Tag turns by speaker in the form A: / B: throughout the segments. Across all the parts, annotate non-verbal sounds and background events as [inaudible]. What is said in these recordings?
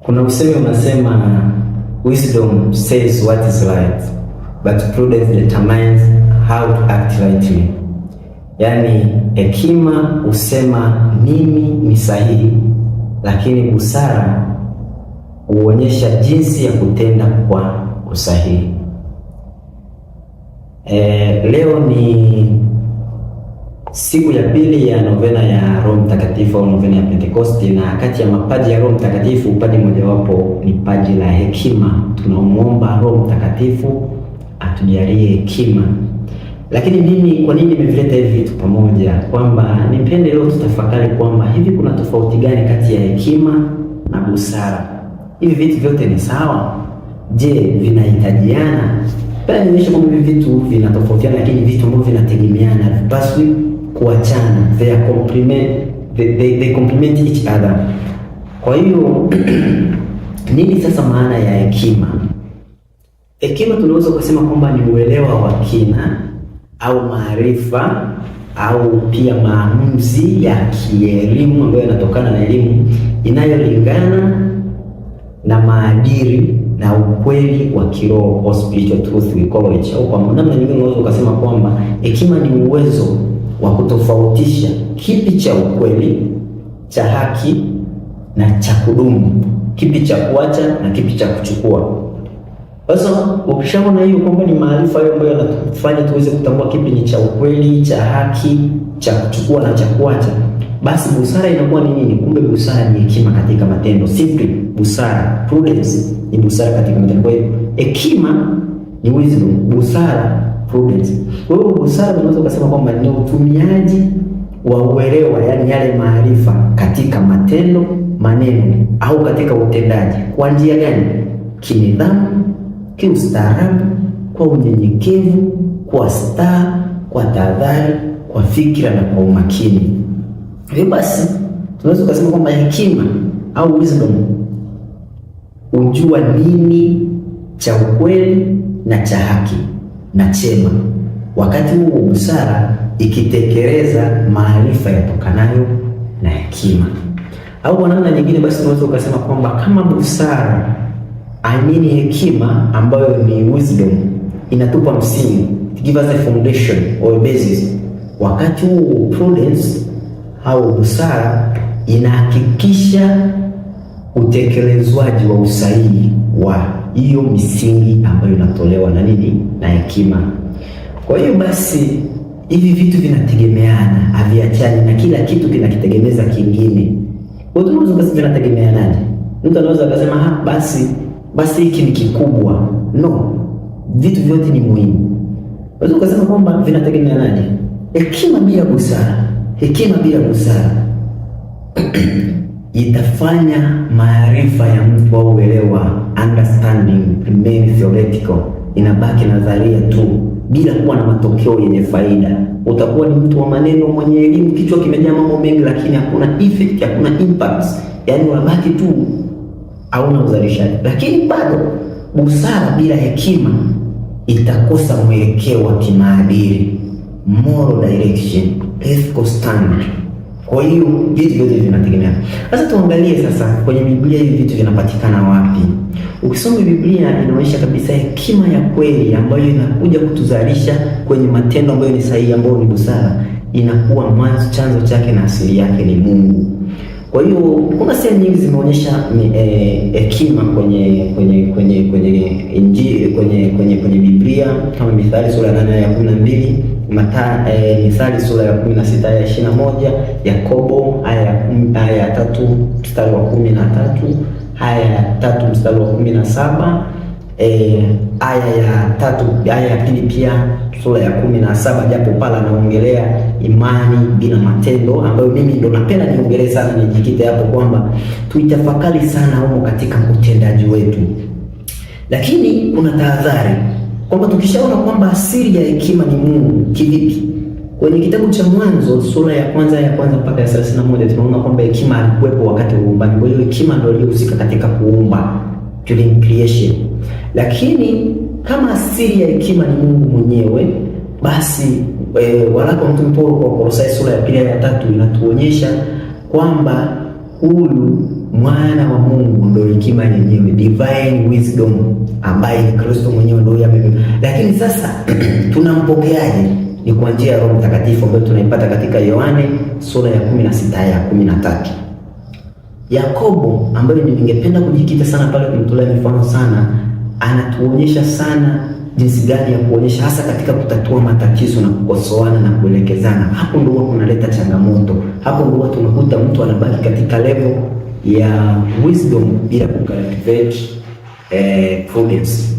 A: Kuna usemi unasema wisdom says what is right but prudence determines how to act rightly, yaani hekima husema nini ni sahihi, lakini busara huonyesha jinsi ya kutenda kwa usahihi. E, leo ni siku ya pili ya novena ya Roho Mtakatifu au novena ya Pentekosti, na kati ya mapaji ya Roho Mtakatifu paji mojawapo ni paji la hekima. Tunamwomba Roho Mtakatifu atujalie hekima. Lakini mimi kwa nini nimevileta hivi vitu pamoja? Kwamba nipende leo tutafakari kwamba hivi kuna tofauti gani kati ya hekima na busara? Hivi vitu vyote ni sawa? Je, vinahitajiana? Pia nionyeshe kwamba hivi vitu vinatofautiana, lakini vitu ambavyo vinategemeana basi kuachana, they are complement they, they, they complement each other. Kwa hiyo [clears throat] nini sasa maana ya hekima? Hekima tunaweza kusema kwamba ni uelewa wa kina au maarifa au pia maamuzi ya kielimu ambayo yanatokana na elimu inayolingana na maadili na ukweli wa kiroho, spiritual truth we call it. Au kwa namna nyingine unaweza ukasema kwamba hekima ni uwezo wa kutofautisha kipi cha ukweli cha haki na cha kudumu, kipi cha kuacha na kipi cha kuchukua. Sasa ukishaona hiyo kwamba ni maarifa hayo ambayo yanatufanya tuweze kutambua kipi ni cha ukweli, cha haki, cha kuchukua na cha kuacha, basi busara inakuwa ni nini? Kumbe busara ni hekima katika matendo. Simply busara, prudence ni busara katika matendo. Kwa hiyo hekima ni wisdom, busara prudence. Kwa hiyo busara, unaweza kusema kwamba ni utumiaji wa uelewa, yani yale maarifa katika matendo, maneno au katika utendaji. Kwa njia gani? Kinidhamu, kiustaarabu, kwa unyenyekevu, kwa staa, kwa tahadhari, kwa fikira na kwa umakini. Hivyo basi tunaweza kusema kwamba hekima au wisdom hujua nini cha ukweli na cha haki na chema, wakati huo busara ikitekeleza maarifa yatokanayo na hekima. Au kwa namna nyingine, basi unaweza ukasema kwamba kama busara amini hekima ambayo ni wisdom inatupa msingi, give us a foundation or a basis, wakati huo prudence au busara inahakikisha utekelezwaji wa usahihi wa hiyo misingi ambayo inatolewa na nini na hekima. Kwa hiyo basi hivi vitu vinategemeana, haviachani na kila kitu kinakitegemeza kingine. Unaweza basi vinategemeanaje? Mtu anaweza akasema ah, basi basi hiki ni kikubwa. No, vitu vyote ni muhimu. Unaweza kusema kwamba vinategemeanaje? Hekima bila busara, hekima bila busara [clears throat] itafanya maarifa ya mtu au uelewa understanding remain theoretical, inabaki nadharia tu bila kuwa na matokeo yenye faida. Utakuwa ni mtu wa maneno mwenye elimu, kichwa kimejaa mambo mengi, lakini hakuna effect, hakuna impact, yaani unabaki tu hauna uzalishaji. Lakini bado busara bila hekima itakosa mwelekeo wa kimaadili, moral direction, ethical standard. Kwa hiyo vitu vyote vinategemea. Sasa tuangalie sasa kwenye Biblia hivi vitu vinapatikana wapi? Ukisoma Biblia inaonyesha kabisa hekima ya kweli ambayo inakuja kutuzalisha kwenye matendo ambayo ni sahihi, ambayo ni busara, inakuwa mwanzo, chanzo chake na asili yake ni Mungu. Kwa hiyo kuna sehemu nyingi zimeonyesha eh, hekima e, kwenye kwenye kwenye kwenye Injili, kwenye kwenye kwenye Biblia kama Mithali sura ya 8 aya ya 12 Mathayo, e, eh, sura ya 16 aya moja Yakobo aya ya tatu mstari wa kumi na tatu aya ya tatu mstari wa kumi na saba e, aya ya tatu aya ya pili pia sura ya kumi na saba japo pale anaongelea imani bila matendo, ambayo mimi ndo napenda niongelee sana, nijikite hapo kwamba tuitafakari sana humo katika utendaji wetu, lakini kuna tahadhari kwamba tukishaona kwamba asili ya hekima ni Mungu kivipi? Kwenye kitabu cha Mwanzo sura ya kwanza ya kwanza mpaka ya 31 tunaona kwamba hekima alikuwepo wakati wa uumbaji. Kwa hiyo hekima ndio iliyohusika katika kuumba during creation. Lakini kama asili ya hekima ni Mungu mwenyewe, basi e, waraka wa Mtume Paulo kwa Kolosai sura ya pili ya tatu inatuonyesha kwamba huyu mwana wa Mungu ndio hekima yenyewe, divine wisdom ambaye ni Kristo mwenyewe ndio yeye. Lakini sasa [clears throat] tunampokeaje? Ni kwa njia ya Roho Mtakatifu ambayo tunaipata katika Yohane sura ya 16 ya 13. Yakobo ambaye ningependa kujikita sana pale kumtolea mifano sana, anatuonyesha sana jinsi gani ya kuonyesha hasa katika kutatua matatizo na kukosoana na kuelekezana. Hapo ndio kunaleta changamoto, hapo ndio tunakuta mtu anabaki katika level ya wisdom bila kucultivate eh, prudence.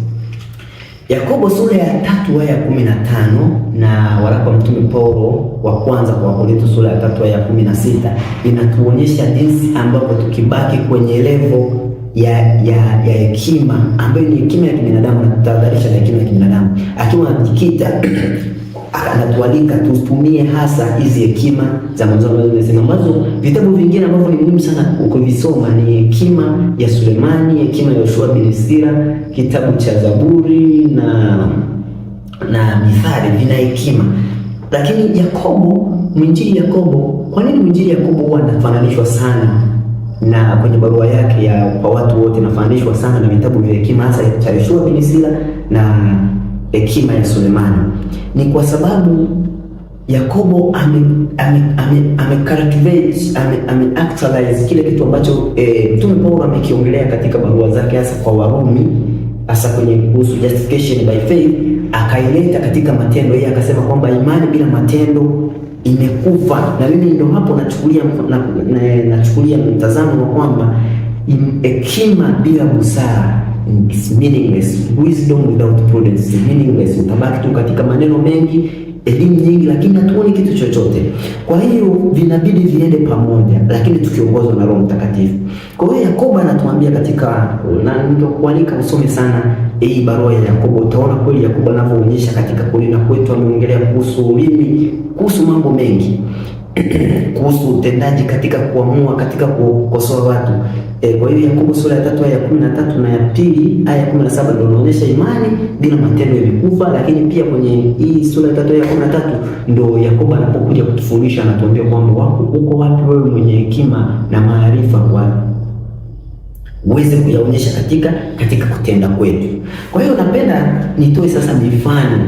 A: Yakobo sura ya tatu aya ya kumi na tano na waraka wa mtume Paulo wa kwanza kwa Wakorintho sura ya tatu aya ya kumi na sita inatuonyesha jinsi ambavyo tukibaki kwenye levo ya ya ya hekima ambayo ni hekima ya kibinadamu na tutahadharisha na hekima ya kibinadamu akiwa anajikita anatualika tutumie hasa hizi hekima za mwanzo ambazo nimesema. Mwanzo vitabu vingine ambavyo ni muhimu sana ukivisoma ni hekima ya Sulemani, hekima ya Yoshua bin Sira, kitabu cha Zaburi na na Mithali vina hekima. Lakini Yakobo, mwinjili Yakobo, kwa nini mwinjili Yakobo huwa anafananishwa sana na kwenye barua yake ya kwa watu wote, nafananishwa sana na vitabu vya hekima hasa cha Yoshua bin Sira na hekima ya Sulemani ni kwa sababu Yakobo amecultivate ame, ame ame ame kile kitu ambacho e, Mtume Paulo amekiongelea katika barua zake hasa kwa Warumi hasa kwenye kuhusu justification by faith akaileta katika matendo. Yeye akasema kwamba imani bila matendo imekufa, na mimi ndio hapo nachukulia na, na, nachukulia mtazamo wa kwamba hekima bila busara It's meaningless. Wisdom without prudence is meaningless. Utabaki tu katika maneno mengi, elimu nyingi, lakini hatuoni kitu chochote. Kwa hiyo vinabidi viende pamoja, lakini tukiongozwa na Roho Mtakatifu. Kwa hiyo Yakobo anatuambia katika uh, na ndio kualika usome sana hii barua ya Yakobo, utaona kweli Yakobo anavyoonyesha katika kunena kwetu, ameongelea kuhusu ulimi, kuhusu mambo mengi [clears throat] kuhusu utendaji katika kuamua, katika kukosoa watu e. Kwa hiyo Yakobo sura ya tatu aya ya kumi na tatu na ya pili aya ya kumi na saba ndio inaonyesha imani bila matendo ilikufa. Lakini pia kwenye hii sura ya tatu aya ya kumi na tatu ndio Yakobo anapokuja kutufundisha, anatuambia kwamba wako uko wapi wewe mwenye hekima na maarifa kwa uweze kuyaonyesha katika katika kutenda kwetu. Kwa hiyo napenda nitoe sasa mifano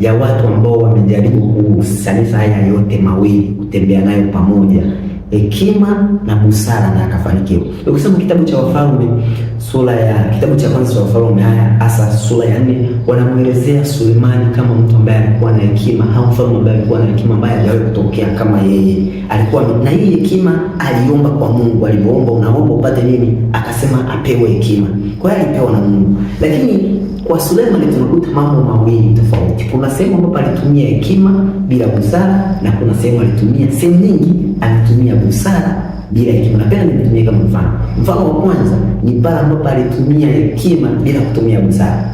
A: ya watu ambao wamejaribu kusanifu haya yote mawili, kutembea nayo pamoja hekima na busara na akafanikiwa. Ukisoma kitabu cha Wafalme sura ya kitabu cha kwanza cha Wafalme, haya hasa sura ya nne, wanamuelezea Sulemani kama mtu ambaye alikuwa na hekima au mfalme ambaye alikuwa na hekima ambaye hajawahi kutokea kama yeye. Alikuwa na hii hekima, aliomba kwa Mungu. Alipoomba, unaomba upate nini? Akasema apewe hekima, kwa hiyo alipewa na Mungu. Lakini kwa Sulemani tunakuta mambo mawili tofauti. Kuna sehemu ambapo alitumia hekima bila busara, na kuna sehemu alitumia, sehemu nyingi alitumia busara bila hekima. Napenda nitumie kama mfano. Mfano wa kwanza ni pale ambapo alitumia hekima bila kutumia busara.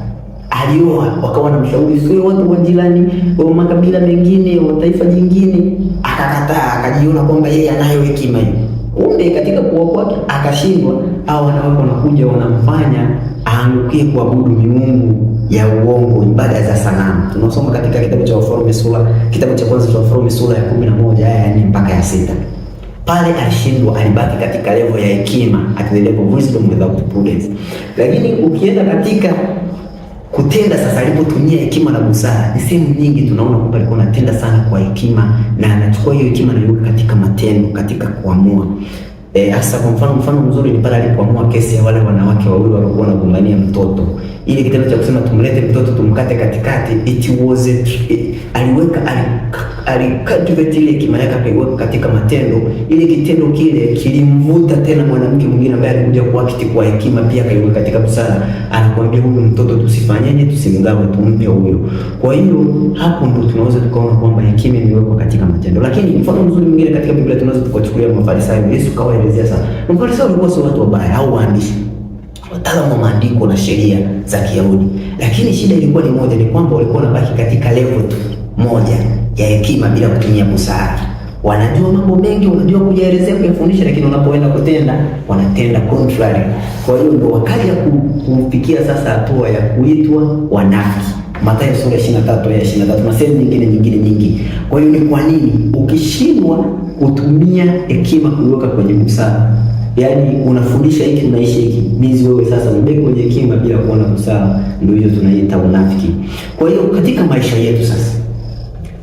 A: Alioa wakawa na mshauri sio watu wa jirani wa makabila mengine wa taifa jingine, akakataa, akajiona kwamba yeye anayo hekima hiyo kumbe katika kuwa kwake akashindwa, au wanawake wanakuja wanamfanya aangukie kuabudu miungu ya uongo, ibada za sanamu. Tunasoma katika kitabu cha Wafalme sura kitabu cha kwanza cha Wafalme sura ya 11 aya ya 4 mpaka ya sita. Pale alishindwa, alibaki katika level ya hekima, at the level of wisdom without prudence. Lakini ukienda katika Kutenda sasa, alipotumia hekima na busara, ni sehemu nyingi tunaona kwamba alikuwa anatenda sana kwa hekima, na anachukua hiyo hekima yuko katika matendo, katika kuamua eh, hasa kwa mfano mfano mzuri ni pale alipoamua kesi ya wale wanawake wawili waliokuwa wanagombania mtoto. Ile kitendo cha kusema tumlete mtoto tumkate katikati, it was a, aliweka alicultivate ile hekima yake akaiweka katika matendo. Ile kitendo kile kilimvuta tena mwanamke mwingine ambaye alikuja kwa kiti kwa hekima pia, akaiweka katika busara. Anakuambia huyu mtoto tusifanyeje, tusimgawe, tumpe huyo. Kwa hiyo hapo ndo tunaweza tukaona kwamba hekima imewekwa katika matendo. Lakini mfano mzuri mwingine katika Biblia tunaweza tukachukulia Mafarisayo. Yesu kawaelezea sana Mafarisayo walikuwa sio watu wabaya au waandishi wataalamu wa maandiko na sheria za Kiyahudi, lakini shida ilikuwa ni moja, ni kwamba walikuwa wanabaki katika level tu moja ya hekima bila kutumia busara. Wanajua mambo mengi, wanajua kujaelezea, kuyafundisha, lakini wanapoenda kutenda wanatenda contrary. Kwa hiyo ndio wakaja kufikia sasa hatua ya kuitwa wanafiki. Mathayo sura ya 23 ya 23 na sehemu nyingine nyingine nyingi. Kwa hiyo ni kwa nini ukishindwa kutumia hekima kuweka kwenye busara? Yaani unafundisha hiki unaishi hiki. Mizi wewe sasa umebaki kwenye hekima bila kuona busara, ndio hiyo tunaita unafiki. Kwa hiyo katika maisha yetu sasa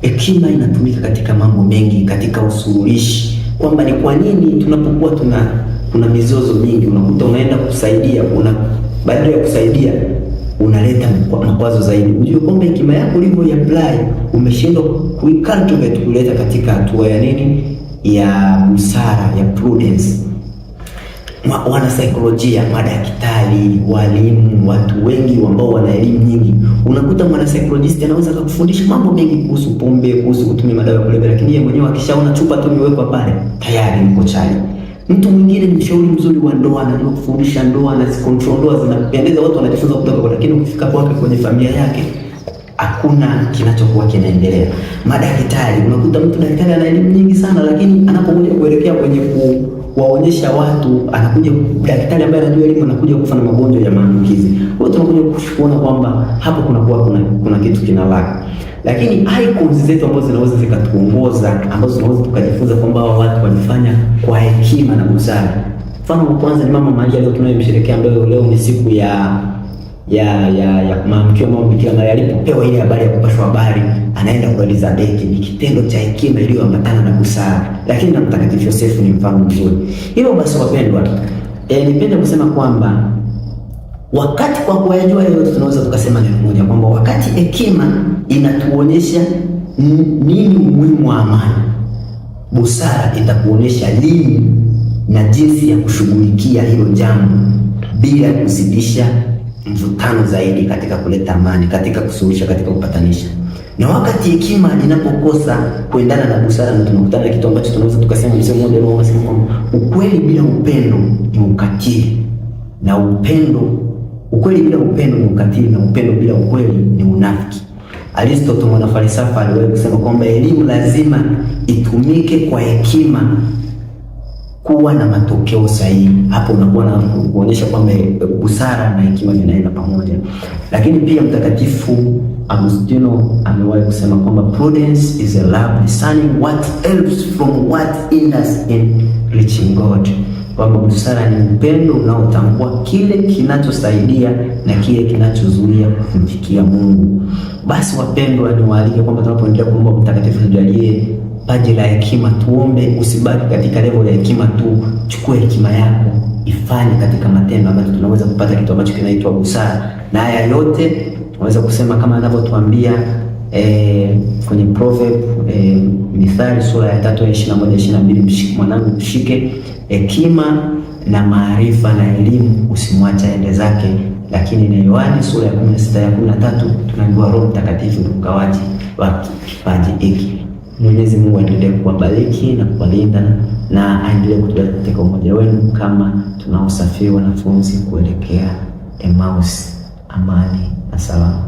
A: hekima inatumika katika mambo mengi, katika usuluhishi, kwamba ni kwa nini tunapokuwa tuna kuna mizozo mingi, unakuta unaenda kusaidia, una baada ya kusaidia unaleta makwazo zaidi. Unajua kwamba hekima yako ulivyo apply umeshindwa kuikantu kuleta katika hatua ya nini ya busara ya prudence wanasaikolojia, madaktari, walimu, watu wengi ambao wana elimu nyingi. Unakuta mwanasaikolojia anaweza kukufundisha mambo mengi kuhusu pombe, kuhusu kutumia madawa ya kulevya, lakini yeye mwenyewe akishaona chupa tu imewekwa pale tayari mko chali. Mtu mwingine ni mshauri mzuri wa ndoa, anajua kufundisha ndoa na control ndoa zinapendeza, watu wanajifunza kutoka kwa, lakini ukifika kwake kwenye familia yake hakuna kinachokuwa kinaendelea. Madaktari, unakuta mtu daktari ana elimu nyingi sana, lakini anapokuja kuelekea kwenye ku kuwaonyesha watu, anakuja daktari ambaye anajua elimu, anakuja kufa na magonjwa ya maambukizi. Watu tunakuja kuona kwamba hapo kuna kuwa kuna, kuna kitu kinalaka. Lakini icons zetu ambazo zinaweza zikatuongoza, ambazo tunaweza tukajifunza kwamba hao watu walifanya kwa hekima na busara. Mfano wa kwanza ni Mama Maria leo tunayemsherekea, ambayo leo ni siku ya ya ya ya maamkio mwa Bikira Maria alipopewa ile habari ya kupashwa habari, anaenda kwa Elizabeth. Ni kitendo cha hekima iliyoambatana na busara, lakini na Mtakatifu Yosefu ni mfano mzuri. Hilo basi, wapendwa, eh, nipende kusema kwamba wakati kwa kuyajua yote tunaweza tukasema neno moja kwamba wakati hekima inatuonyesha nini umuhimu wa amani, busara itakuonyesha lini na jinsi ya kushughulikia hilo jambo bila kuzidisha mvutano zaidi, katika kuleta amani, katika kusuluhisha, katika kupatanisha. Na wakati hekima inapokosa kuendana na busara, na tunakutana na kitu ambacho tunaweza tukasema, mzee mmoja ambao unasema kwamba ukweli bila upendo ni ukatili, na upendo, ukweli bila upendo ni ukatili, na upendo bila ukweli ni unafiki. Aristotle falsafa aliwahi kusema kwamba elimu lazima itumike kwa hekima kuwa na matokeo sahihi. Hapo unakuwa na kuonyesha kwamba busara na hekima vinaenda pamoja. Lakini pia Mtakatifu Agustino amewahi kusema kwamba prudence is a love discerning what helps from what hinders in reaching God, kwamba busara ni upendo unaotambua kile kinachosaidia na kile kinachozuia kumfikia Mungu. Basi wapendwa, niwaalike kwamba tunapoendelea kuomba Mtakatifu tujalie paji la hekima. Tuombe, usibaki katika levo ya hekima tu. Chukua hekima yako ifanye katika matendo, ambayo tunaweza kupata kitu ambacho kinaitwa busara, na haya yote tunaweza kusema kama anavyotuambia E, kwenye proverb e, eh, Mithali sura ya tatu ya ishirini mwanangu, mshike hekima na maarifa na elimu, usimwache aende zake. Lakini na Yohani sura ya 16 ya 13 tunaambiwa Roho Mtakatifu ndio mgawaji wa kipaji hiki. Mwenyezi Mungu aendelee kuwabariki na kuwalinda na aendelee kutuleta katika umoja wenu kama tunaosafiri wanafunzi kuelekea Emmaus, amani na salama.